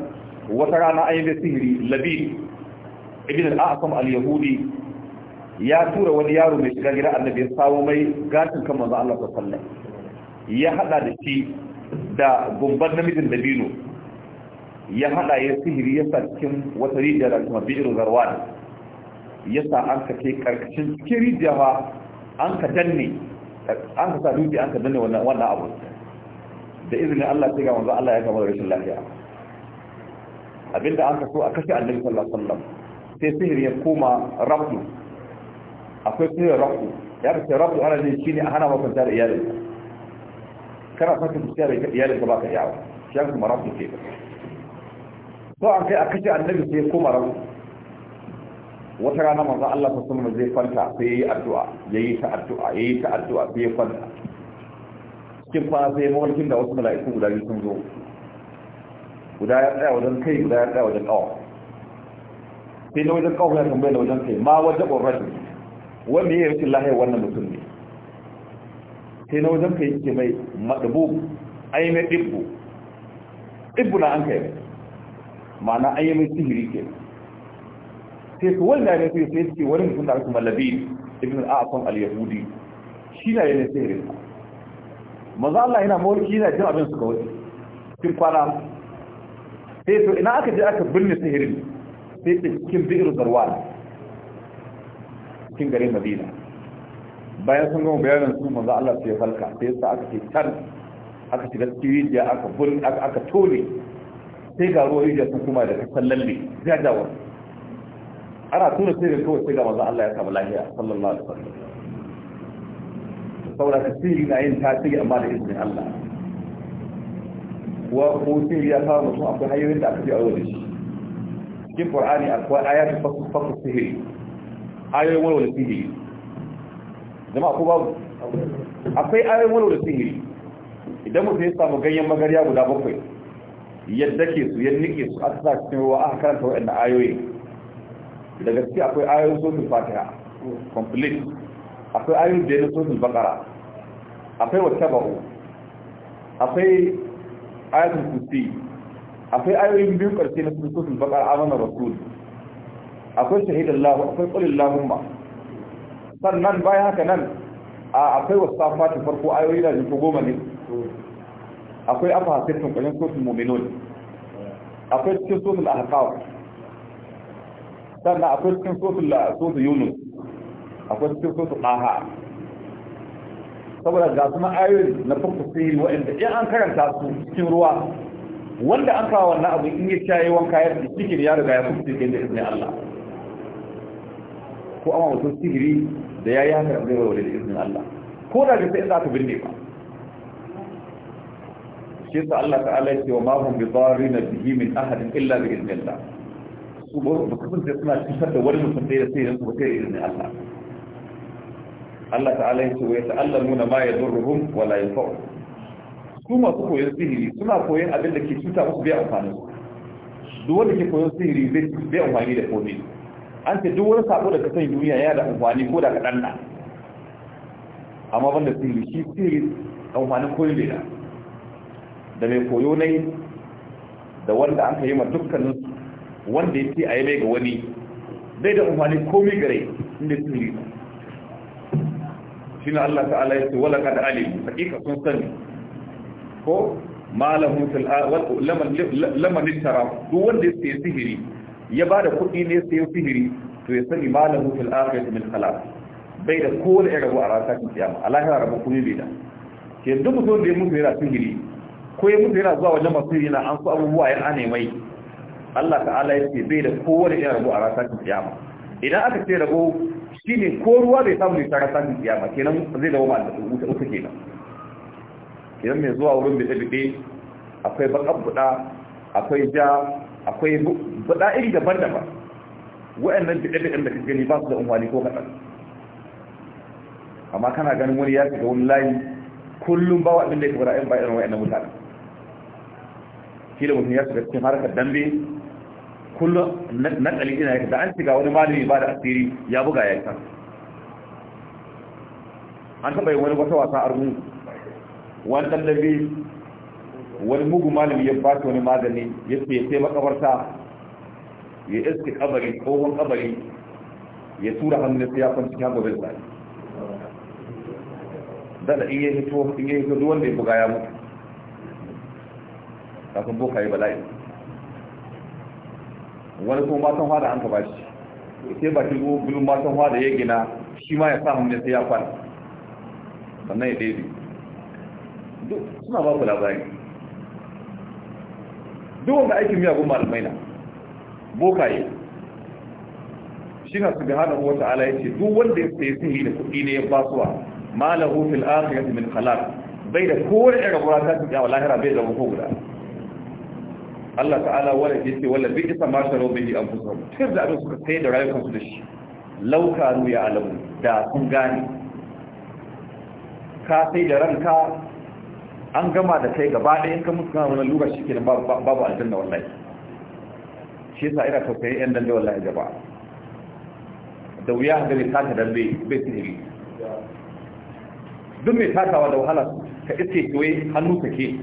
wata rana ayyuka sihiri labi ibn al-aqam al-yahudi ya tura wani yaro mai shiga gida annabi ya sawo mai gashin kan manzo Allah sallallahu alaihi wasallam ya hada da shi da gumban namijin dabino ya hada ya sihiri ya sa cikin wata rijiya da kuma bi'ir zarwan ya sa an ka kai karkashin cikin rijiya fa an ka danne an ka sa dubi an ka danne wannan wannan abu da izinin Allah sai ga manzo Allah ya kama da rashin lafiya abinda an ka so a kashe annabi sallallahu alaihi wasallam sai sihiri ya koma rabbu akwai kuma rabu ya kace rabu ana ne shine a hana maka da iyalin kana fata ku tare ka iyalin ka baka yawo shi kuma rafu ke to an kai a kashe annabi sai koma rafu wata rana manzo Allah ta sunna zai kwanta sai yayi addu'a yayi ta addu'a yayi ta addu'a sai ya kwanta cikin kwana sai mawalkin da wasu mala'iku guda biyu sun zo guda ya tsaya wajen kai guda ya tsaya wajen kawo sai na wajen kawo ya tambaya da wajen kai ma wajen ƙorashin wanda ya rikin lahiyar wannan mutum ne sai na wajen kai ke mai maɗabu ai mai ɗibbu ɗibbu na an kai mai ma'ana an yi mai sihiri ke sai su wanda ne sai sai suke wani mutum da aka mallabi ibn al'afan al-yahudi shi na yana sihirin maza Allah yana mawarki yana jin abin suka wuce cikin kwana sai to ina aka je aka binne sihirin sai cikin bi'ir zarwa cikin garin madina bayan sun gama bayanin su manzo Allah sai falka sai sa aka ce tan aka shiga cikin rijiya aka bul aka tole sai ga ruwa rijiya sun kuma da kasan lalle jadawa ana tura sai ga kawai sai ga manzo Allah ya samu lafiya sallallahu alaihi wasallam saboda ka sirri na yin tasiri amma da izinin Allah wa ko sirri ya kawo mutum akwai hanyoyin da aka fi aure da shi cikin Qur'ani akwai ayatul fasl fasl sihiri ayoyin wani sihiri zama ko babu akwai ayoyin wani wani sihiri idan mutu ya samu ganyen magarya guda bakwai yadda ke su yadda nike su a sa cikin ruwa aka karanta waɗanda ayoyi da gaske akwai ayoyin sosin fatiha complete akwai ayoyin da yana sosin bakara akwai wata ba'u akwai ayatul kusi akwai ayoyin biyu karshe na sosin bakara amanar rasul akwai shahidallahu akwai lahumma sannan bayan haka nan akwai wasafatu farko ayoyi da jiko goma ne akwai afa hasirtun kwanin sosin mu'minun akwai cikin sosin ahqaf sannan akwai cikin sosin sosul yunus akwai cikin sosin aha saboda ga suna ayoyi na farko sihiri wa'anda in an karanta su cikin ruwa wanda an kawo wannan abu in ya shayi wanka ya cikin ya riga ya kusa cikin da izinin Allah ko amma mutum sihiri da ya yi haka zai warware da izinin Allah ko da ga sai za ka binne ba shi yasa Allah ta'ala ya ce wa ma hum bi dharina bihi min ahadin illa bi idnillah su ba su kasance suna cutar da wani mutum da sai yanzu ba sai izinin Allah Allah ta'ala ya ce wa yata'allamuna ma yadurruhum wa la yanfa'uhum su masu koyon sihiri suna koyon abin da ke cuta musu bai amfani duk wanda ke koyon sihiri zai bai amfani da komai an ce duk wani sako da ka sani duniya ya da amfani ko da kaɗan na amma banda sirri shi sirri amfanin koyi ne da da mai koyo ne da wanda an ka yi ma dukkanin wanda ya ce a yi mai ga wani bai da amfani komai gare inda sirri shi na Allah ta'ala ya ce wala kada alim hakika sun sani ko ma lahum fil laman laman duk wanda ya ce sihiri ya ba da kuɗi ne sai sihiri to ya sani malam fil akhirati min khalaq bai da kowane ya rabu a ranar kiyama Allah ya rabu kuma bai da ke duk mutum da ya mutu yana sihiri ko ya mutu yana zuwa wajen masu sihiri na an so abubuwa ya ane mai Allah ta'ala ya ce bai da kowane ya rabu a ranar kiyama idan aka ce rabo shine ko ruwa bai samu ne ta ranar kiyama kenan zai dawo ma da wuta wuta kenan kenan mai zuwa wurin bide-bide akwai bakan buɗa akwai ja akwai bada iri daban-daban wa'annan bid'a da kake gani ba su da umarni ko kadan amma kana ganin wani ya shiga wani layi kullum ba waɗin da ya kabara in bayan irin wa'annan mutane da mutum ya shiga cikin harkar dambe kullum na ɗali ina ya da an shiga wani malami ba da asiri ya buga ya isa an taɓa yin wani wata wasa argun wani ɗan dambe wani mugu malami ya ba wani magani ya ce sai makabarta ya iske kabari tsohon kabari ya tura hannun sai ya kwanci kyan gobe zai dada in ya hito in yi hito duk wanda ya buga ya mutu kafin boka yi bala'i wani kuma matan hada an ka bashi sai bakin gulun matan hada ya gina shi ma ya sa hannun sai ya kwana sannan ya daidai duk suna ba ku labari duk wanda aikin miyagun malamai na bokaye shi na subhanahu wa ta'ala yace duk wanda ya sayi sihiri da kuɗi ne ya basuwa malahu fil akhirati min khalaq bai da kowane yara rabura ta fi wa lahira bai da ko guda Allah ta'ala wala ce wala bi isa ma sharu an kusa tun da abin suka sai da rayukan su da shi laukaru ya alamu da sun gane ka sai da ranka an gama da kai gaba ɗaya kan ka mutu lura wannan lugar shikenan babu aljanna wallahi shi yasa ina tausayi yan dande wallahi gaba da wuya ga mai taka dambe bai sihiri duk mai takawa da wahala ka iske kiwai hannu sake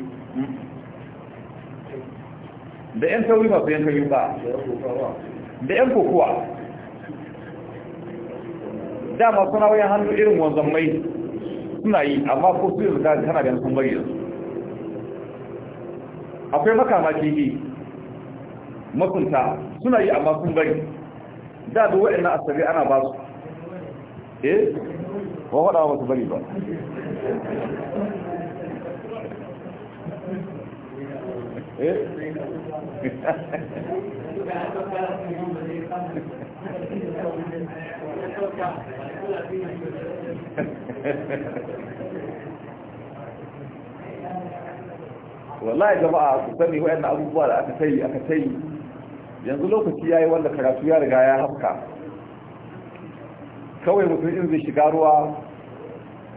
da yan sauri masu yankan ba, da yan kokowa dama suna wayan hannu irin wanzan mai suna yi amma ko su yi tana ganin sun bari yanzu akwai makama kifi makunta suna yi amma sun bari da da wa'in na asabi ana ba su eh ba waɗawa ba su bari ba eh wallahi jama'a ku sani wayannan abubuwa da aka sai aka sai yanzu lokaci yayi wanda karatu ya riga ya hafka kawai mutum in zai shiga ruwa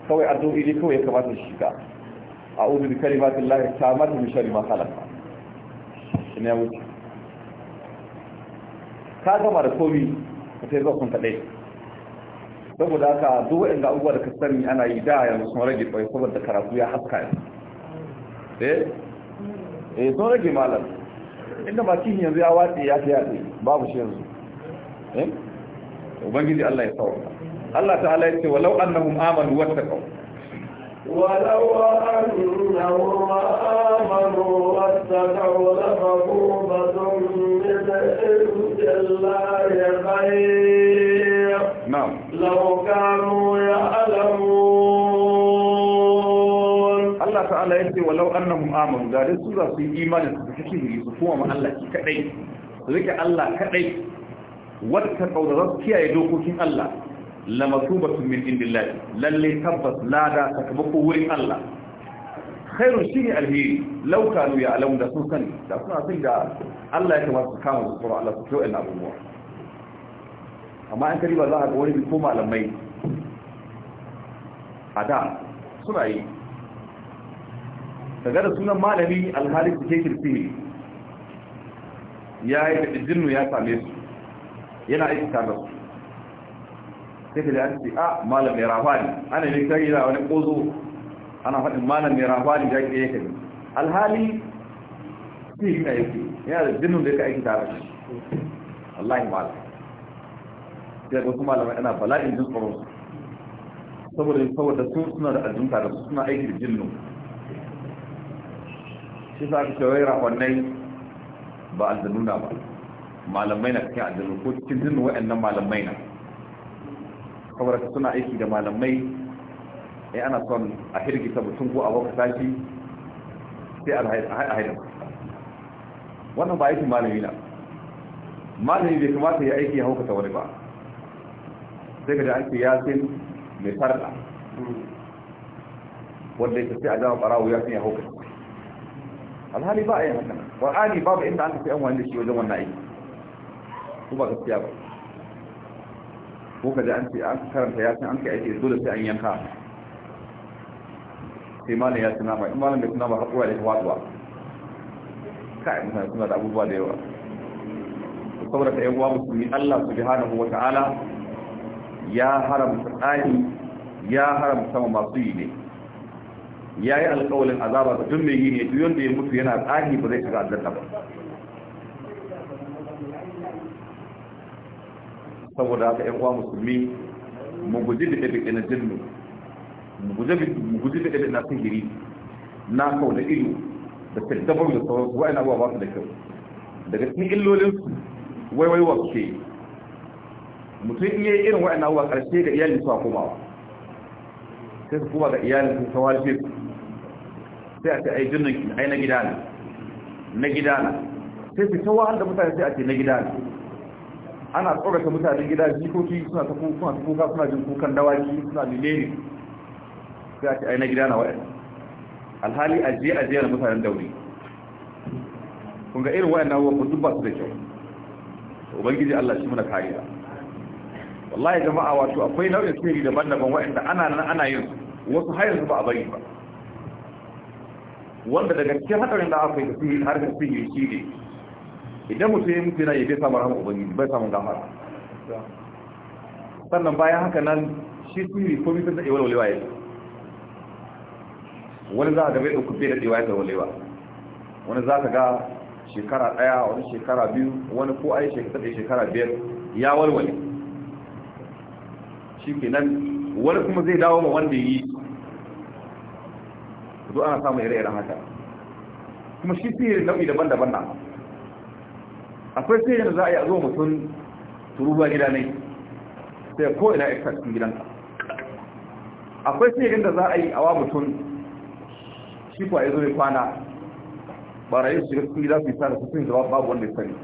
kawai addu'o'i ne kawai ya kamata shi shiga a'udhu bi llahi tammati min sharri ma khalaq ina wuce ka gama da komi ka sai zuwa kun kadai saboda haka duk waɗanda abubuwa da ka sani ana yi da yanzu sun rage bai saboda karatu ya haska ne eh eh sun rage malam inda makin yanzu ya watsi ya fi yaɗe babu shi yanzu eh ubangiji Allah ya sauka Allah ta'ala ya ce walau annahum amanu wattaqu ولو أنهم آمنوا واتقوا لمثوبة من عند الله خير نعم لو كانوا Allah Ta'ala ya ce. annahum amanu da dai su za su yi imani su kake hiri su kuma ma Allah ki kadai su rike Allah kadai wata kauda za su kiyaye dokokin Allah lamatubatun min indillahi lalle tabbas lada sakamako wurin Allah khairun shine alheri law kanu ya'lamu da sun sani da suna san da Allah ya kamata su kama su tsoro Allah su kyau ina abubuwa amma an kariba za a ga wani bi ko malamai a da suna yi kaga da sunan malami alhali suke ke kirfi ya yi da jinnu ya same su yana aiki tare su sai ka ji an ce a malam mai rafani ana ne kai da wani kozo ana faɗin malam mai rafani da ke yake alhali su yi na yake yana da jinnu da ya aiki tare su Allah yi malam sai ga kuma malamai ana bala'in jin tsoron su saboda saboda su suna da aljunta da su suna aiki da jinnu shi sa ka ce wai rahonnai ba aljanu na ba malamai na cikin aljanu ko cikin jinnu wa'annan malamai na kawar ka suna aiki da malamai ya ana son a hirgi hirgita mutum ko a baka tashi sai a haida wannan ba aikin malami na malami bai kamata ya aiki ya haukata wani ba sai ka da an ce yasin mai farda hmm. wanda ya sai a jama barawo yasin ya haukata alhali ba a yi haka ƙwar'ani babu inda aka tafi yan wani shi wajen wannan aiki ko ba gaskiya ba ko ka ji an ce an karanta ya san an kai aiki dole sai an yanka sai malam ya tuna mai malin malam bai ba haƙura da ya kai mutane suna da abubuwa da yawa saboda ka yawa musulmi Allah subhanahu ta'ala ya haramta tsari ya haramta masu yi ne ya yi alkawalin azaba da tun mai yi ne duk yadda ya mutu yana tsahi ba zai shiga aljanna ba saboda haka yan uwa musulmi mu guji da ɗabi'a na jinnu mu guji da ɗabi'a na sihiri na kau da ido da tattabar da sauran su wa'ina ba su da kyau daga cikin illolinsu waiwaiwa su ke mutum iya irin wa'ina abuwa ƙarshe ga iyalin su a komawa sai su kuma ga iyalin su ta walfe su sai a ce ai jinnin ai na gida ne na gida ne sai su tawa da mutane sai a ce na gida ne ana tsorata mutanen gida jikoki suna ta kuka suna suna jin kukan dawaki suna ne sai a ce ai na gida na wa'anda alhali ajiye ajiye na mutanen daure kun ga irin wa'annan abubuwan duk ba su da kyau ubangiji Allah shi muna kariya wallahi jama'a wato akwai nau'in sirri daban-daban wa'anda ana nan ana yin wasu hayar ba a bari ba wanda daga cikin hadarin da aka yi sihiri har da yi shi ne idan mutum ya mutu yana yi bai samu rahama ubangiji bai samu gafara sannan bayan haka nan shi yi ko mutum da iwal walewa ya wani za a ga bai ɗauki bai da ɗewa ya walewa wani za ka ga shekara ɗaya wani shekara biyu wani ko ai shekara shekara biyar ya walwale shi kenan wani kuma zai dawo ma wanda yi duk ana samun ire-iren haka kuma shi sihiri nau'i daban-daban na akwai sihirin za a yi a zo mutum turuwa gida ne sai ko ina ya cikin gidanka akwai sihirin da za a yi wa mutum shi kuwa ya zo ya kwana barayi su shiga cikin gida su yi sa da su sun babu wanda ya sani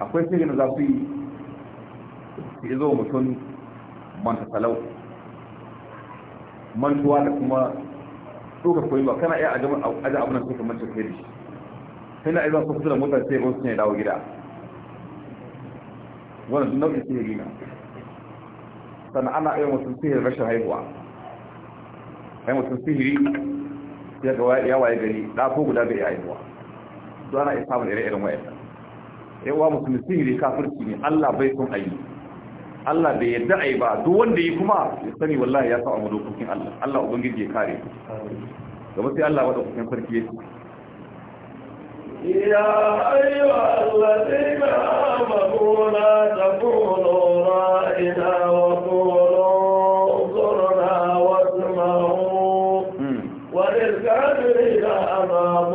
akwai sihirin da za su yi ya zo mutum manta mantuwa da kuma so ka koyi ba kana iya ajaban aja abin da suka mace kai da shi sai na aiza ku kusa da mota sai ba su ne dawo gida wannan duk nau'in sihiri na sannan ana iya mutum sihiri rashin haihuwa ai mutum sihiri ya ga ya waye gari da ko guda bai haihuwa to ana iya samun ire-iren wa'annan yawa mutum sihiri kafirci ne Allah bai son ayi Allah bai yarda yi ba duk wanda yi kuma ya sani wallahi ya sa'a dokokin Allah Allah ubangiji ya kare gaba sai Allah wa kusan farki yake يا أيها الذين آمنوا لا تكونوا رائنا وقولوا انظرنا واسمعوا وللكافرين عذاب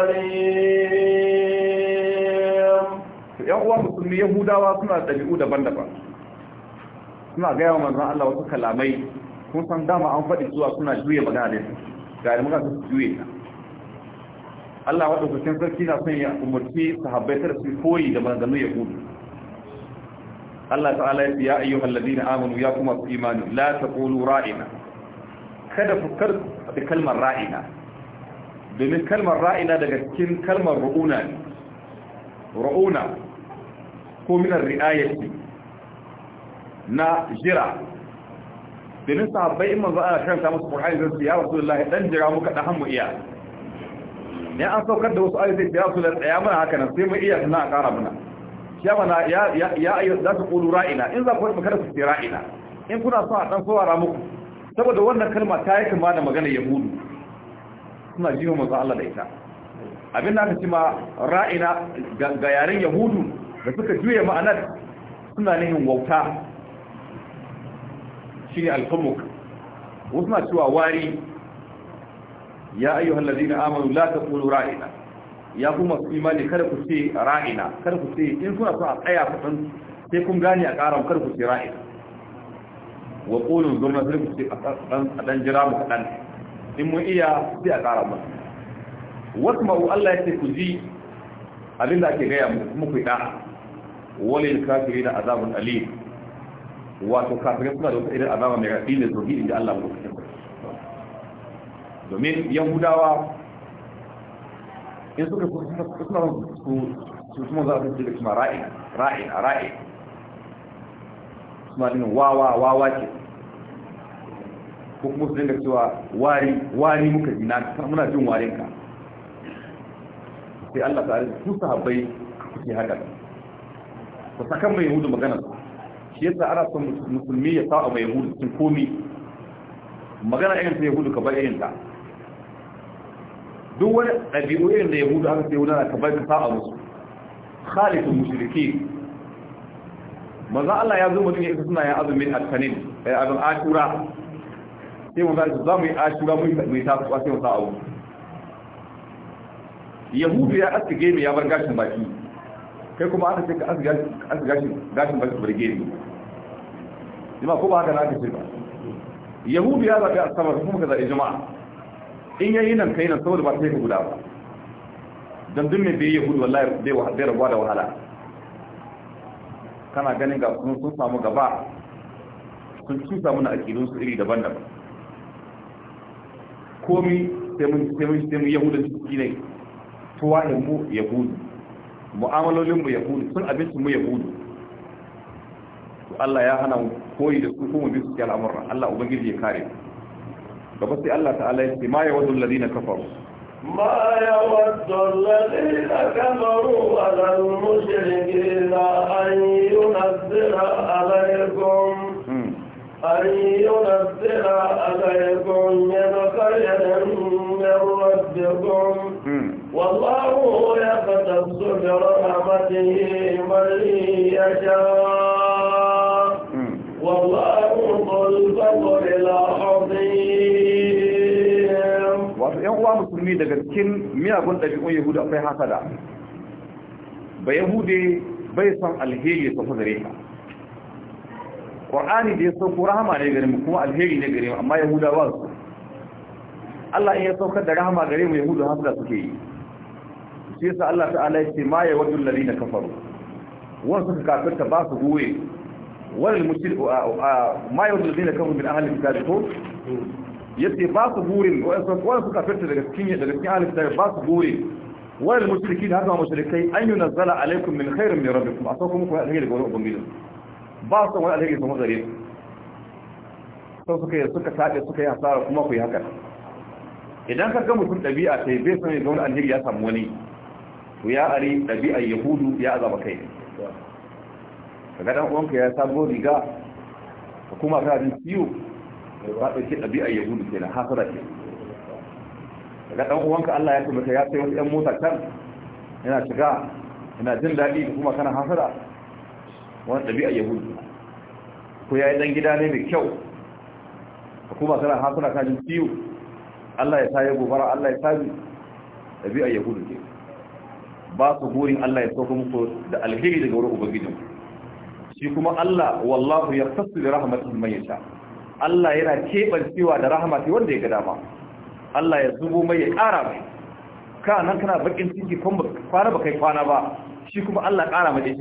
أليم يا أخوة مسلمين يهودا suna daban-daban. suna gaya wa manzan Allah wasu kalamai kun san dama an faɗi zuwa suna juye magana da su ga da magana su juye ta Allah wadda kusan sarki na son ya umarci su sahabbai tar su koyi da manzannu ya gudu Allah ta'ala ya ce ya ayyuhal na amanu ya kuma su imanu la taqulu ra'ina kada ku kar da kalmar ra'ina domin kalmar ra'ina daga cikin kalmar ru'una ne ru'una ko min ar-ri'ayati na jira domin sahabbai in manzo ana karanta musu Qur'ani zai su ya Rasulullahi dan jira muka da hannu iya ne an saukar da wasu ayoyi sai su da tsaya mana haka nan sai mu iya suna a ƙara muna ya mana ya ya ayu za su qulu ra'ina in za ku mu kada su ce ra'ina in kuna son a dan sowara muku saboda wannan kalma ta yi kama da magana yahudu suna ji jiwa manzo Allah da ita abin da aka ce ma ra'ina ga yaren yahudu da suka juye ma'anar suna nihin wauta shine al-humuk wasu na cewa wari ya ayyuhu ayyuhal ladina amanu la taqulu ra'ina ya kuma su imani kada ku ce ra'ina kada ku ce in suna so a tsaya ku sai kun gane a karam kada ku ce ra'ina wa qulu zurna sai ku ce a ɗan jira mu kadan in mun iya sai a karam mu wasma'u Allah yake ku ji abinda ake gaya muku kuma ku yi da walil kafirin azabun alim wato kafirai suna da wata irin azama mai rafi ne zurgi inda Allah mu kusa domin yahudawa in suka suna su kuma za su ce da kuma ra'in ra'in a ra'in suna nuna wawa wawa ce ko kuma su dinga cewa wari wari muka ji na muna jin warinka sai Allah ta arziki su sahabbai kuke haka ku sakan mai yahudu magana su shi yasa ana son musulmi ya sa mai yahudu sun komi magana irin ta yahudu ka bar irin ta duk wani ɗabi'u irin da yahudu aka sai wudana ka bar ta sa musu khalifin mushriki manzo Allah ya zo mutum ya isa suna yin azumin at-tanin eh abin ashura sai mu zai zamu yi ashura mu yi ta sai mu sa abu yahudu ya aske gemi ya bar gashin baki kai kuma aka ce ka aske gashin baki baki burge ni jama'a ko ba haka na kace ba yahudu ya zaɓi asabar kuma ka zaɓi jama'a in yi nan kai nan saboda ba sai ka guda ba dan dun mai bai yahudu wallahi bai wa bai rabuwa da wahala kana ganin ga sun sun samu gaba sun cusa mana akidun su iri daban-daban komi sai mun sai mun sai mun yahudu ciki ne tuwahin mu yahudu mu'amalolin mu yahudu sun abincin mu yahudu to Allah ya hana mu koyi da su kuma bisu cikin al'amurra Allah ubangiji ya kare gaba sai Allah ta'ala ya ce ma ya wadul ladina kafaru ma ya wadul ladina kafaru ala al-mushrikeena an yunazzira alaykum an yunazzira alaykum min khayrin min rabbikum والله يختص برحمته من يشاء wato ‘yan uwa musulmi daga cikin miyagun ɗabi'un Yahuda akwai hasada ba yahude bai son alheri ya sauka gare ka ƙwar'ani da ya sauko rahama ne gare mu kuma alheri ne gare mu amma yahuda ba su Allah in ya saukar da rahama gare mu yahudu hasada suke yi sai sa Allah ta'ala ya ce ma ya wajen lalina kafaru wasu kafirta ba su goye wani mutil ma yau da zina kafin ahalin kitabi ko yace ba su burin wani suka fita daga cikin daga cikin ahalin ba su burin wani da haka an yi nazala min a sauko muku daga wani ubangiji ba su wani alheri sama gare su suka yi suka yi hasara kuma ku yi haka idan ka ga mutum ɗabi'a sai bai sani ga wani alheri ya samu wani ya ari ɗabi'ar yahudu ya azaba kai kaga dan uwanka ya samu riga ka kuma ka ji ciwo ba ta ce ɗabi'a ya gudu kenan hasara ke kaga dan uwanka Allah ya kuma ya sayo ɗan mota can yana shiga yana jin daɗi da kuma kana hasara wani ɗabi'a ya gudu ko ya yi ɗan gida ne mai kyau ka kuma kana hasara ka ji ciwo Allah ya sayo gobara Allah ya sa ɗabi'a ya gudu ke ba su burin Allah ya sauka muku da alheri daga wurin ubangijinku shi kuma Allah wallahu yaqtasu bi rahmatihi man yasha Allah yana kebancewa da rahmati wanda ya ga dama Allah ya zubo mai ya ƙara mai ka nan kana bakin ciki kwana ba kai kwana ba shi kuma Allah ƙara mai shi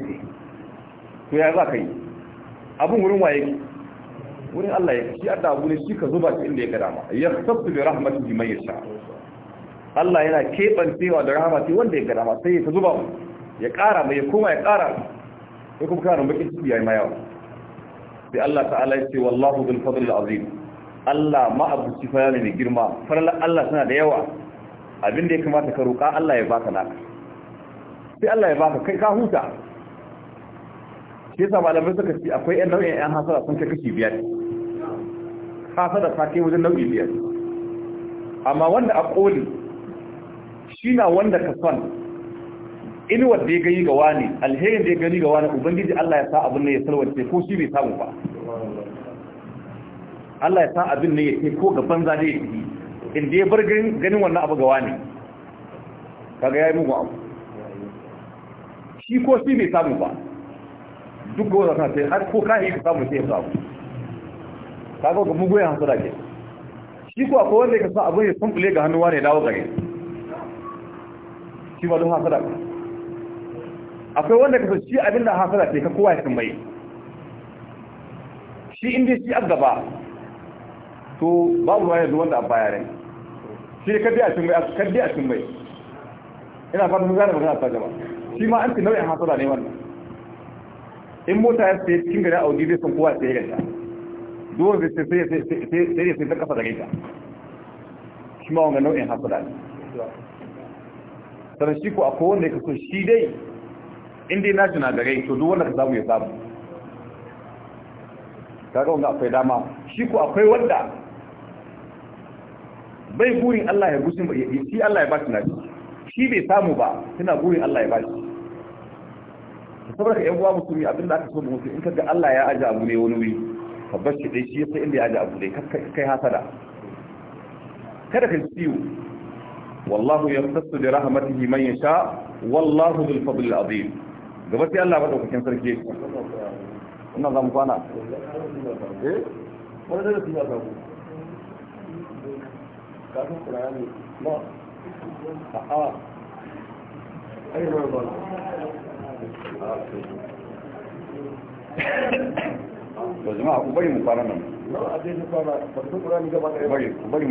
to ya za ka yi abin wurin waye wurin Allah ya shi adda abu ne shi ka zuba shi inda ya ga dama yaqtasu bi rahmatihi man yasha Allah yana kebancewa da rahmati wanda ya ga dama sai ya zuba ya ƙara mai ya koma ya ƙara mai sai kuma kana bakin ciki yayi yi mayawa. sai Allah ta'ala ya ce wallahu bil fadl azim Allah ma abu fa ne girma farla Allah tana da yawa abin da ya kamata ka roƙa Allah ya baka naka sai Allah ya baka kai ka huta shi yasa malamai suka ce akwai ƴan nau'in ƴan hasara sun kai kashi biyar hasara ta kai wajen nau'in biyar amma wanda a ƙoli shi na wanda ka son inuwar da ya gani ga wani alherin da ya gani ga wani ubangiji Allah ya sa abin ne ya salwace ko shi bai samu ba Allah ya sa abin ne ya ce ko ga banza da ya ci inda ya bar ganin wannan abu ga wani kaga ya yi mugu abu shi ko shi bai samu ba duk ga wanda sai har ko kayi ka samu sai ya samu kaga ga mugu ya da ke shi ko akwai wanda ya sa abin ya sumbule ga hannuwa ne dawo gare shi ba don hasara ka akwai wanda ka shi abin da hasala ce ka kowa ya san mai shi inda shi an gaba to babu ma yanzu wanda a baya ne shi ka biya cin mai a kan biya cin mai ina fata mun gane magana ta gaba shi ma an ci nau'in hasala ne wannan in mota ya sai cikin gari audi zai san kowa sai ganta duwan zai sai sai sai sai ta kafa da gaita shi ma wanga nau'in hasala ne sannan shi ko akwai wanda ya kaso shi dai inda yana rai, to duk wanda ka samu ya samu kaga wanda akwai dama shi ko akwai wanda bai burin Allah ya gusin ba shi Allah ya ba shi nashi shi bai samu ba suna burin Allah ya ba shi saboda ka yan uwa musulmi abin da aka so mu in kaga Allah ya aje abu ne wani wuri tabbas shi dai shi sai inda ya aje abu dai kai hasada kada ka siyo. wallahu yaqtasu bi rahmatihi man yasha wallahu dhul fadli al azim gaba sai Allah kukin sarki ina mu kwana nan ba da da ya wani wani wani ba wani wani wani wani wani wani wani wani wani wani wani wani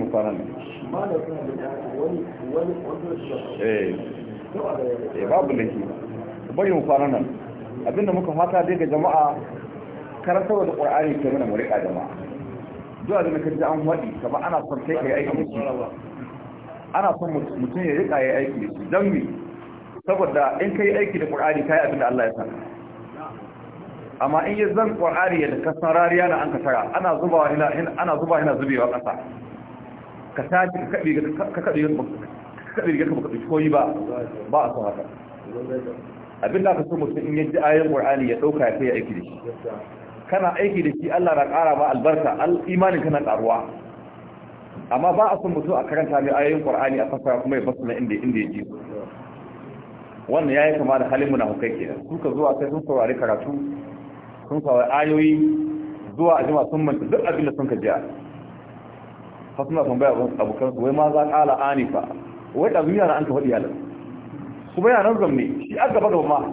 wani wani wani wani wani bari mu fara nan abinda muka fata daga jama'a karantarwa da ƙwar'ani ke mana murika jama'a duk da ka an waɗi kama ana son kai kai aiki mutum ana son mutum ya riƙa ya aiki da su don mi saboda in ka yi aiki da ƙwar'ani ka yi Allah ya saka amma in yi zan ƙwar'ani da ka rariya na an ka tara ana zuba ana yana zubewa ƙasa ka tashi ka kaɗe ka kaɗe ka kaɗe ka kaɗe ka kaɗe ba ba a son haka abin da aka so mutum in yaji ayoyin qur'ani ya dauka ya kai aiki da shi kana aiki da shi Allah na ƙara ma albarka imanin kana ƙaruwa amma ba a son mutum a karanta mai ayoyin qur'ani a fasara kuma ya fasara inda inda ya ji wannan yayi kama da halin munafikai kenan ka zuwa sai sun saurari karatu sun saurari ayoyi zuwa a jima sun manta duk abin da sun ka jiya fa suna tambaya abokan su wai ma za ƙala anifa wai duniya na an ka faɗi halar kuma yana nan zamne shi a gaba gaba ma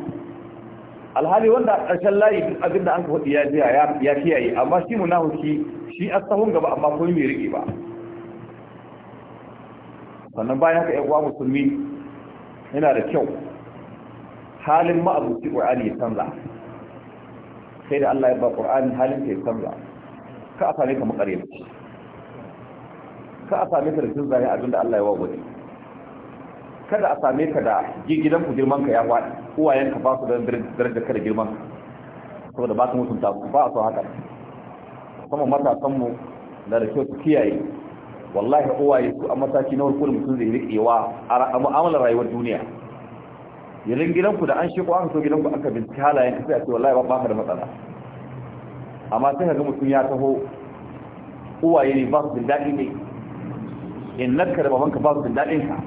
alhali wanda a ƙarshen layi abin da an ka faɗi ya jiya ya kiyaye amma shi munafiki shi a sahun gaba amma kuma mai riƙe ba sannan bayan haka uwa musulmi yana da kyau halin ma'abuci ƙur'ani ya canza sai da Allah ya ba ƙur'ani halin ka ya canza ka a same ka makaryaci ka a same ka da cin zane abin da Allah ya wa wani kada a same ka da gidan ku girman ka ya faɗi uwayen ka ba su da daraja kada girman saboda ba su mutunta ku ba su haka kuma matasan mu da da su kiyaye wallahi uwaye su a mataki na farko da mutum zai riƙewa a mu'amalar rayuwar duniya Gidan-gidan ku da an shiko an so ku aka bincike halayen ka sai a ce wallahi ba ka da matsala amma sai ka ga mutum ya taho uwaye ne ba su jin daɗi ne in nakka da babanka ba su jin daɗin ka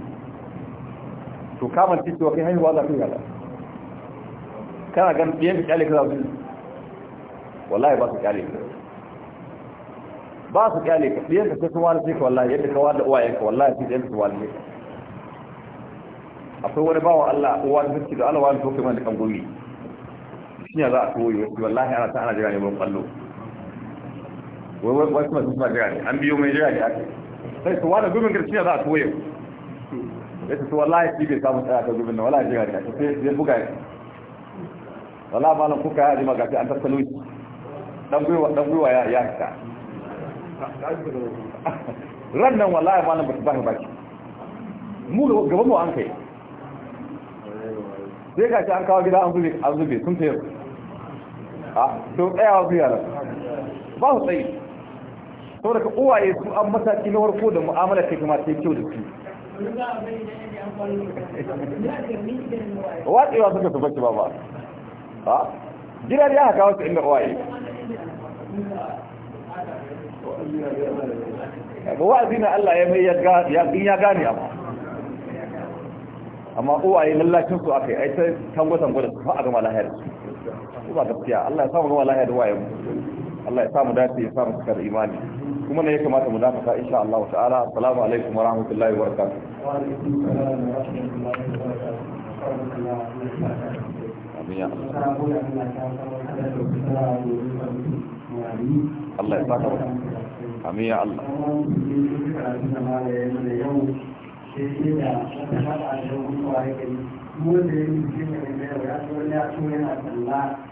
to kamar titi wa kai haihuwa za ka yi kana gan biyan da kyale ka za su wallahi ba su kyale ka ba su kyale ka ɗiyan ka sai sun wani ka wallahi yadda ka da uwayen ka wallahi sai ɗiyan ka wani ne akwai wani bawa Allah uwa da suke da Allah wani tokai mana da kan gumi shi ne za a koyo yau wallahi ana ta ana jira ne wurin kwallo wai wai kuma sun jira ne an biyo mai jira ne ake sai su wani gumin shi ne za a yi ya ce wallahi shi bai samu tsaya ta zubin na wallahi shi gari ta sai zai buga ya wallahi malam kuka ya jima gafi an tattalo shi dan gwiwa dan gwiwa ya ya ta ran nan wallahi malam ba ta ba baki mu gaban mu an kai sai ga shi an kawo gida an zube an zube sun tayar a to tsayawa su yara ba su tsayi saboda ka uwaye su an mataki na warko da mu'amala ta kuma ta kyau da su watsewa suka su bacci ba ba ha gidan ya haka wasu inda uwaye ga wa'azi na Allah ya mai ya gane abu amma uwaye lallacin su aka yi ai ta tango-tango da su fa'a gama lahiyar su ba gaskiya Allah ya samu gama lahiyar da Allah ya samu dace ya samu cika da imani kuma ne ya kamata mu dakata insha Allah ta'ala assalamu alaikum wa rahmatullahi wa barakatuh Allah ya saka amin ya Allah mu da yin jikin da